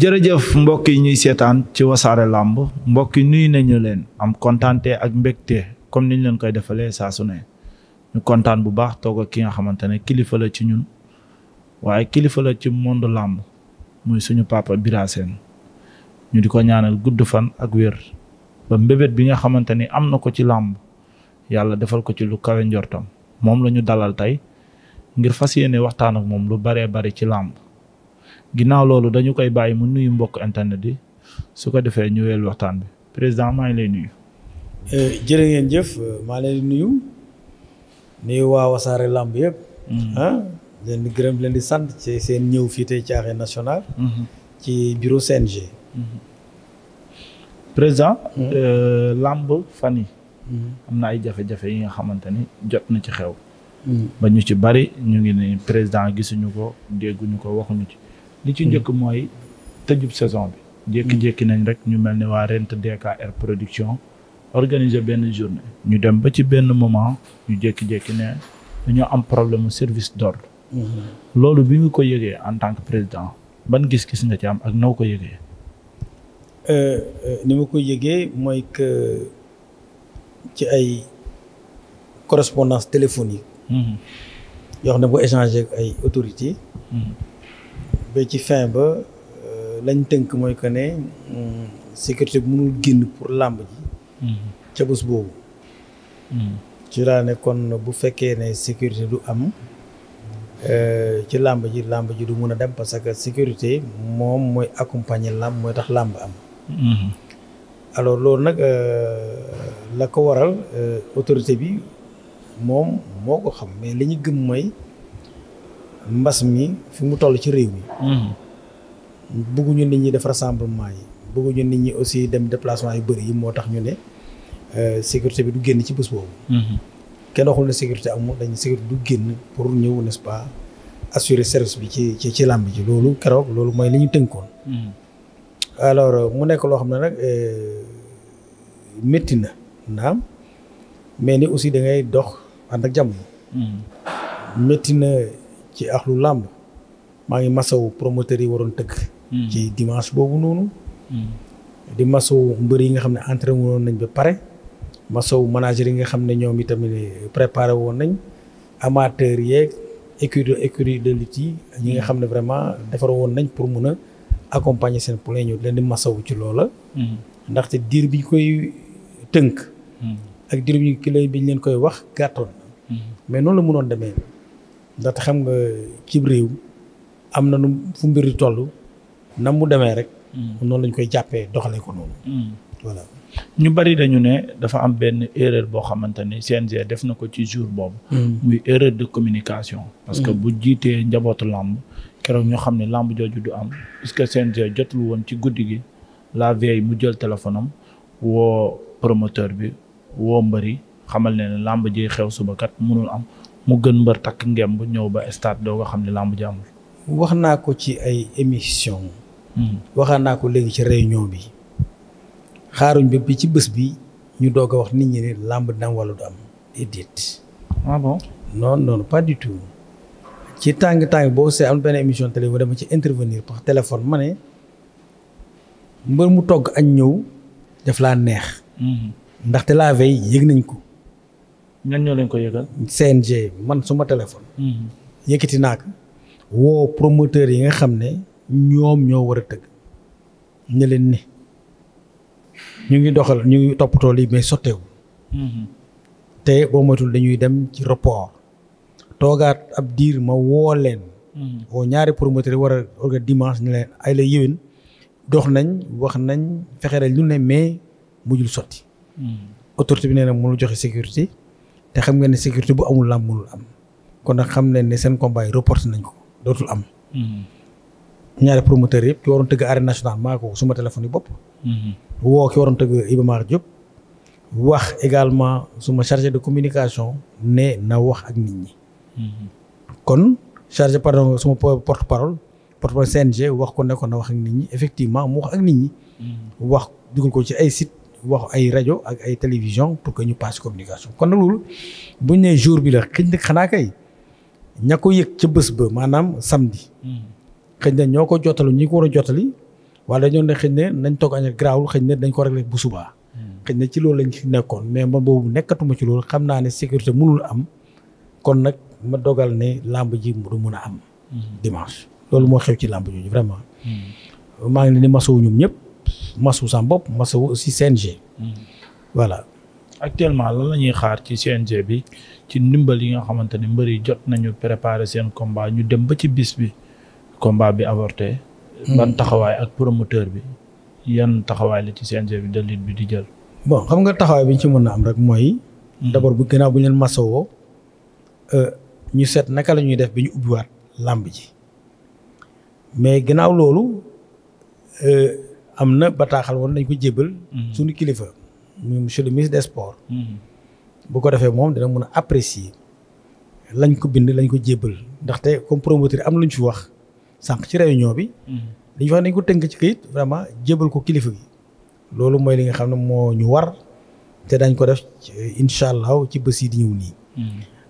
jërëjëf mbokk yi ñuy seetaan ci wasaare làmb mbokk yi nuyu nañu leen am kontaante ak mbegte comme niñ leen koy defalee saa su ñu kontaan bu baax toog ak ki nga xamante ne kilifa la ci ñun waaye kilifa la ci monde làmb muy suñu papa Bira ñu di ko ñaanal gudd fan ak wér ba mbébét bi nga xamante ni am na ko ci làmb yàlla defal ko ci lu kawe njortam moom lañu dalal tey ngir fas yéene waxtaan ak moom lu baree bari ci làmb ginnaaw loolu dañu koy bàyyi mu nuyu mbokk internet yi su ko defee ñu waxtaan bi président maa ngi lay nuyu. Eh, jërë ngeen jëf maa leen nuyu nuyu waa wasaare làmb yëpp. Mm-hmm. ah leen di gërëm leen di sant ci seen ñëw fii tey ci Arène Nationale. Mm-hmm. ci bureau CNG. Mm-hmm. président. Eh, làmb fan yi am na ay jafe-jafe yi nga xamante ni jot na ci xew. ba ñu ci bari ñu ngi ni président gisuñu ko dégguñu ko waxuñu ci. li ci njëkk hmm. mooy tëjub saison bi. jékki-jékki hmm. nañ rek ñu mel ni waa Rent DKR production organiser benn journée. ñu dem ba ci benn moment ñu jékki-jékki ne dañoo am problème service d'ordre. Hmm. loolu bi nga ko yëgee en tant que président ban gis-gis nga ci am ak noo ko yëgee. Euh, euh, ni ma ko yëgee mooy que ci ay correspondance téléphonique. yoo xam ne bu échangé ak ay autorités. ba ci fin ba euh, lañ tënk mooy que ne hmm, sécurité bi mënul génn pour làmb ji mhm. ca bés boobu mhm. ci laa ne kon bu fekkee ne sécurité du am euh, ci làmb ji làmb ji du mun a dem parce que sécurité moom mooy accompagner làmb mooy tax làmb am mhm. alors loolu nag euh, la ko waral autorité bi moom moo ko xam mais li ñu gëm mooy mbas mi fi mu toll ci réew mi. Mm-hmm. bëgguñu nit ñi def rassemblement yi bëgguñu nit ñi aussi dem déplacement yu bëri yi moo tax ñu ne euh, sécurité bi du génn ci bés boobu. Mm-hmm. kenn waxul ne sécurité amul dañu sécurité du génn pour ñëw n'est-ce pas assurer service bi ci ci ci làmb ji loolu keroog loolu mooy li ñu tënkoon. Mm-hmm. alors euh, mu nekk loo xam ne nag euh, métti na naam mais ni aussi da ngay dox ànd ak jàmm. métti na. ci axlu làmb maa ngi masawu promoteur yi waroon tëgg. Hmm. ci dimanche boobu noonu. Hmm. di masawu mbër yi nga xam ne entraîné woon nañ ba pare. masawu manager yi nga xam ne ñoom itamit préparé woon nañ. amateur yeeg écurie écurie de lutte yi. ñi nga hmm. xam ne vraiment defar woon nañ pour mun a accompagner seen poulain ñu leen di masawu ci loola. ndaxte diir bi koy tënk. ak diir bi kilo bi ñu leen koy wax gàttoon. mais noonu la mënoon demee. ndaxte xam nga cib réew am na nu fu mbir di toll nam mu demee rek. Mm. noonu lañ koy jàppee doxalee ko noonu. Mm. voilà ñu bari dañu ne dafa am benn erreur boo xamante ni CNG def na ko ci jour boobu. Mm. muy erreur de communication. parce que bu jiitee njabootu làmb keroog ñoo xam ne làmb jooju du am parce que CNG jotul woon ci guddi gi la veille mu jël téléphone am woo promoteur bi woo mbëri xamal ne làmb ji xew suba kat mënul am. mu gën mbër takk ngemb ñëw ba stade doo nga xam ne làmb ji amul. wax naa ko ci ay émission hmm. waxaat naa ko léegi ci réunion bi. xaaruñ ba bi ci bés bi ñu doog a wax nit ñi ne làmb dam walla du am déedéet. ah bon non non pas du tout. ci tàng tàng boo see am benn émission télé bu ci intervenir par téléphone ma ne mbër mu togg añ ñëw daf laa neex. Hmm. ndaxte la veille yëg nañ ko. ñan ñoo leen ko yëgal. CNG man suma téléphone. Hmm. yëkkati naa ko woo promoteur yi nga xam ne ñoom ñoo war a tëgg. ñu leen ni ñu ngi doxal ñu ngi toppatoo lii mais sotteewul. Hmm. te matul dañuy dem ci toogaat ab diir ma woo leen. Hmm. woo ñaari promoteur yi war a orga dimanche ñu leen ay la yéwén dox nañ wax nañ fexe lu ne mais mujjul sotti. autorité bi nee na mënul joxe sécurité. te xam ngeen ne sécurité bu amul làmb mënul am kon nag xam ne ne seen combat yi nañ ko dootul am. Hmm. ñaari promoteur yëpp ki waroon tëgg arène nationale maa ko suma téléphone yi bopp. Hmm. woo ki waroon tëgg Iba Mar Diop. wax également suma chargé de communication ne na wax ak nit ñi. Hmm. kon chargé pardon suma porte parole porte parole CNG wax ko nekkoon na wax ak nit ñi effectivement mu wax ak nit ñi. wax dugal ko ci ay site wax ay rajo ak ay télévision pour que ñu passe communication kon nag loolu bu ñu nee jour bi la xëy na xanaa kay ña ko yëg ca bés ba maanaam samedi. xëy na ñoo ko jottali ñi ko war a jottali wala dañoo ne xëy na nañ toog añ garaawul xëy na dañ ko réglé bu subaa. xëy na ci loolu lañ ci nekkoon mais man boobu nekkatuma ci loolu xam naa ne sécurité mënul am kon nag ma dogal ne làmb ji du mun a am. Hmm. dimanche loolu moo xew ci làmb jooju vraiment. Hmm. maa ngi leen di masawu ñoom ñëpp. masu sam bopp masu aussi CNG. Hmm. voilà. actuellement lan la ñuy xaar ci CNG bi ci ndimbal yi nga xamante ne mbër jot nañu préparer seen combat ñu dem ba ci bis bi combat bi avorté. Hmm. ban taxawaay ak promoteur bi yan taxawaay la ci CNG bi de bi di jël. bon xam nga taxawaay bi ñu ci mën a am rek mooy. Hmm. d'abord bu gënaaw bu ñu leen euh, ñu seet naka la ñuy def bi ñu ubbiwaat làmb ji mais gannaaw loolu. Euh, am na bataaxal woon dañ ko jébbal. Mhm. suñu kilifa. muy monsieur le ministre des sports. Mhm. bu ko defee moom dana mën a apprécier lañ ko bind lañ ko jébbal ndaxte comme promoteur am na lu ñu fi wax sànq ci réunion bi. Mhm. dañu wax dañ ko tënk ci kayit vraiment jébbal ko kilifa gi. loolu mooy li nga xam ne moo ñu war te dañ ko def incha allah ci bés di ñëw nii.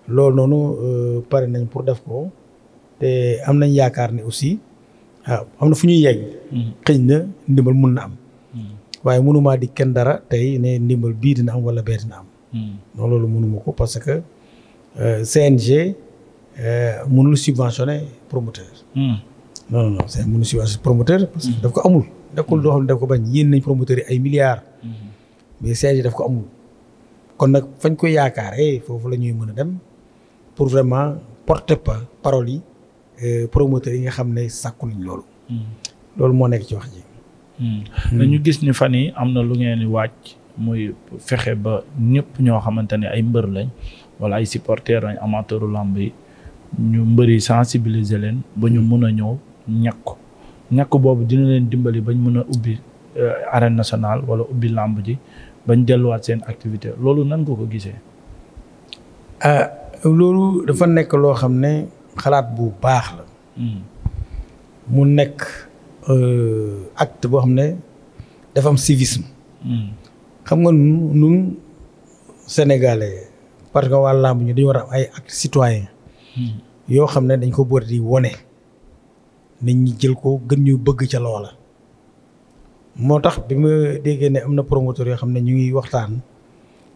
loolu noonu euh, pare nañ pour def ko te am nañ yaakaar ne aussi. waaw am na fu ñuy yegg. Mm-hmm. xëy na ndimbal mun na am. Mm-hmm. waaye mënumaa di kenn dara tey ne ndimbal bii dina am wala bee dina am. Mm-hmm. non loolu mënuma ko parce que euh, CNG euh, mënul subventionné promoteur. non non CNG mënul subventionné promoteur. parce que daf ko amul. nekkul loo xam ne daf ko bañ yéen nañ promoteur yi ay milliards. mais CNG daf ko amul. kon nag fañ ko yaakaar foofu lañuy mën a dem pour vraiment porter pas parole yi. Euh, promoteurs yi nga xam ne sàkku nañ loolu. Hmm. loolu moo nekk ci wax ji. Hmm. Hmm. dañu gis ni fan yi am na lu ngeen di waaj muy fexe ba ñëpp ñoo xamante ne ay mbër lañ wala ay supporteurs lañ amateuru làmb yi ñu mbëri sensibiliser leen ba ñu mun a ñëw ñàkk ñàkk boobu dina leen dimbali bañ mën a ubbi euh, arène nationale wala ubbi làmb ji bañ delluwaat seen activité loolu nan nga ko gisee. Ah, loolu dafa nekk loo xam ne. xalaat bu baax la. Hmm. mu nekk euh, acte boo xam ne dafa am civisme. Hmm. xam nga nun sénégalais parce que waa làmb ñu dañu war a am ay actes citoyens. Hmm. yoo xam ne dañ ko boole di wone nit ñi jël ko gën ñu bëgg ca loola. moo tax bi ma déggee ne am na promoteur yoo xam ne ñu ngi waxtaan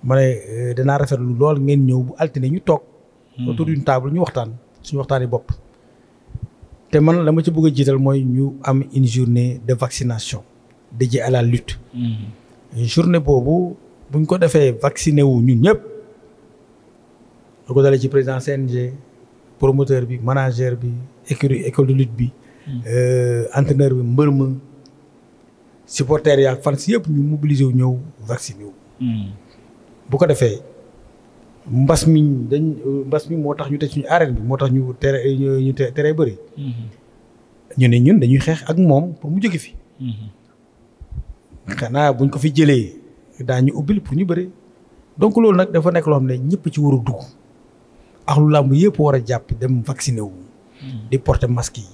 ma ne euh, danaa rafetlu lool ngeen ñëw bu altine ñu toog. autour d'une table ñu waxtaan. suñu waxtaani bopp te man la ma ci bëgg a jiital mooy ñu am une journée de vaccination dédiée à la lutte une mm-hmm. journée boobu buñ ko defee vacciné wu ñu ñëpp lu ko dalee ci président CNG promoteur bi manager bi écurie école de lutte bi mm. euh, entraîneur bi mbër ma supporter yaa fans yëpp ñu mobiliser wu ñëw vacciné wu mm. bu ko defee mbas mi dañ mbas mi moo tax ñu te suñu arène bi moo tax ñu tere ñu tere bëri. Mm-hmm. ñu ne ñun dañuy xeex ak moom pour mu jóge fi. Mm-hmm. xanaa buñ ko fi jëlee daañu ubbil pour ñu bëri. donc loolu nag dafa nekk loo xam ne ñëpp ci war a dugg. ak làmb yëpp war a jàpp dem vacciné wu. Mm-hmm. di porter masque yi.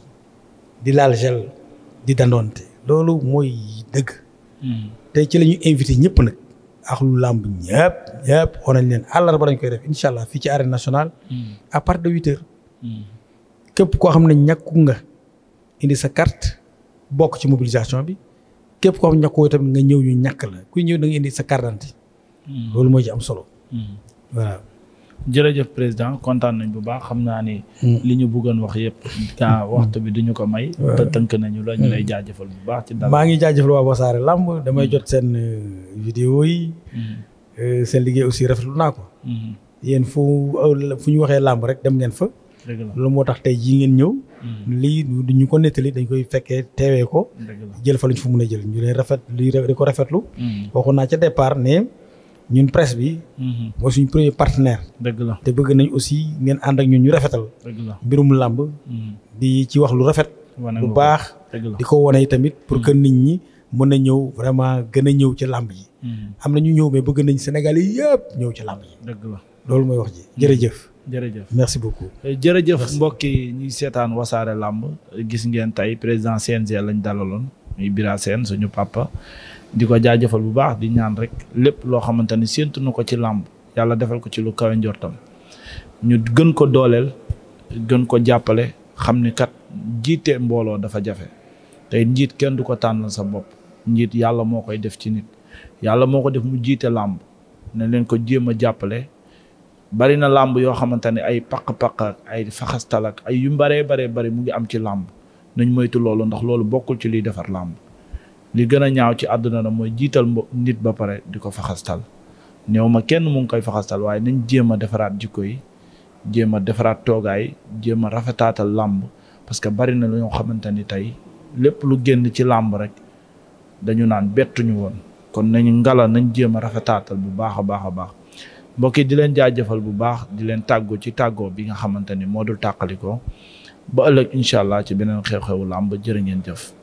di laal gel di dandoonte loolu mooy dëgg. te ci la ñuy invité ñëpp nag. axlu làmb ñëpp ñëpp woo nañ leen àllarba dañ koy def incha fii ci arène nationale. Hmm. à partir de huit heures. Hmm. képp koo xam ne ñàkku nga indi sa carte bokk ci mobilisation bi képp koo xam ne ñàkku tamit nga ñëw ñu ñàkk la kuy ñëw da indi sa carte hmm. loolu mooy ci am solo. voilà jërëjëf président kontaan nañ bu baax xam naa ni. Hmm. li ñu bëggoon wax yëpp. kaa hmm. waxtu bi duñu ko may. te tënk nañu la ñu hmm. lay jaajëfal bu baax. ci dara maa ngi jaajëfal waa Wassare damay jot seen euh, vidéo yi. Euh, seen liggéey aussi rafetlu naa ko. yéen fu euh, fu ñu waxee làmb rek dem ngeen fa. loolu moo tax tey jii ngeen ñëw. lii du ñu ko nettali dañ koy fekkee teewee ko. jël fa luñ fu mun a jël ñu leen rafet li ko rafetlu. waxoon naa ca départ ne. ñun presse bi. Mhm. mooy suñu premier partenaire. dëgg la te bëgg nañ aussi ngeen ànd ak ñun ñu rafetal. dëgg la mbirum làmb. Mhm. di ci wax lu rafet. lu baax di ko wane tamit pour gën mhm. nit ñi mën a ñëw vraiment gën a ñëw ci làmb yi. am na ñu ñëw mais bëgg nañ Sénégal yi yëpp ñëw ci làmb yi. dëgg la loolu mooy wax ji jërëjëf. jërëjëf merci beaucoup. Eh, jërëjëf mbokk yi ñuy seetaan wasaare làmb gis ngeen tey président CNG lañ dalaloon muy Bira Sène suñu papa. di ko jaajëfal bu baax di ñaan rek lépp loo xamante ni séentu na ko ci làmb yàlla defal ko ci lu kawe njortam ñu gën ko dooleel gën ko jàppale xam ni kat jiite mbooloo dafa jafe tey njiit kenn du ko tànnal sa bopp njiit yàlla moo koy def ci nit yàlla moo ko def mu jiite làmb ne leen ko jéem a jàppale bari na làmb yoo xamante ne ay paq-paq ay faxastal ak ay yu baree bare bari mu ngi am ci làmb nañ moytu loolu ndax loolu bokkul ci luy defar làmb li gën a ñaaw ci àdduna na mooy jiital nit ba pare di ko faxastal néew ma kenn mu ngi koy faxastal waaye nañ jéem a defaraat jikko yi jéem a defaraat toogaay jéem a rafetaatal làmb parce que bari na ñoo xamante ni tey lépp lu génn ci làmb rek dañu naan bettuñu woon kon nañu ngala nañ jéem a rafetaatal bu baax a baax a baax mbokk di leen jaajëfal bu baax di leen tàggoo ci tàggoo bi nga xamante ni moo dul tàqalikoo ba ëllëg incha allah ci beneen xew làmb jërë ngeen jëf.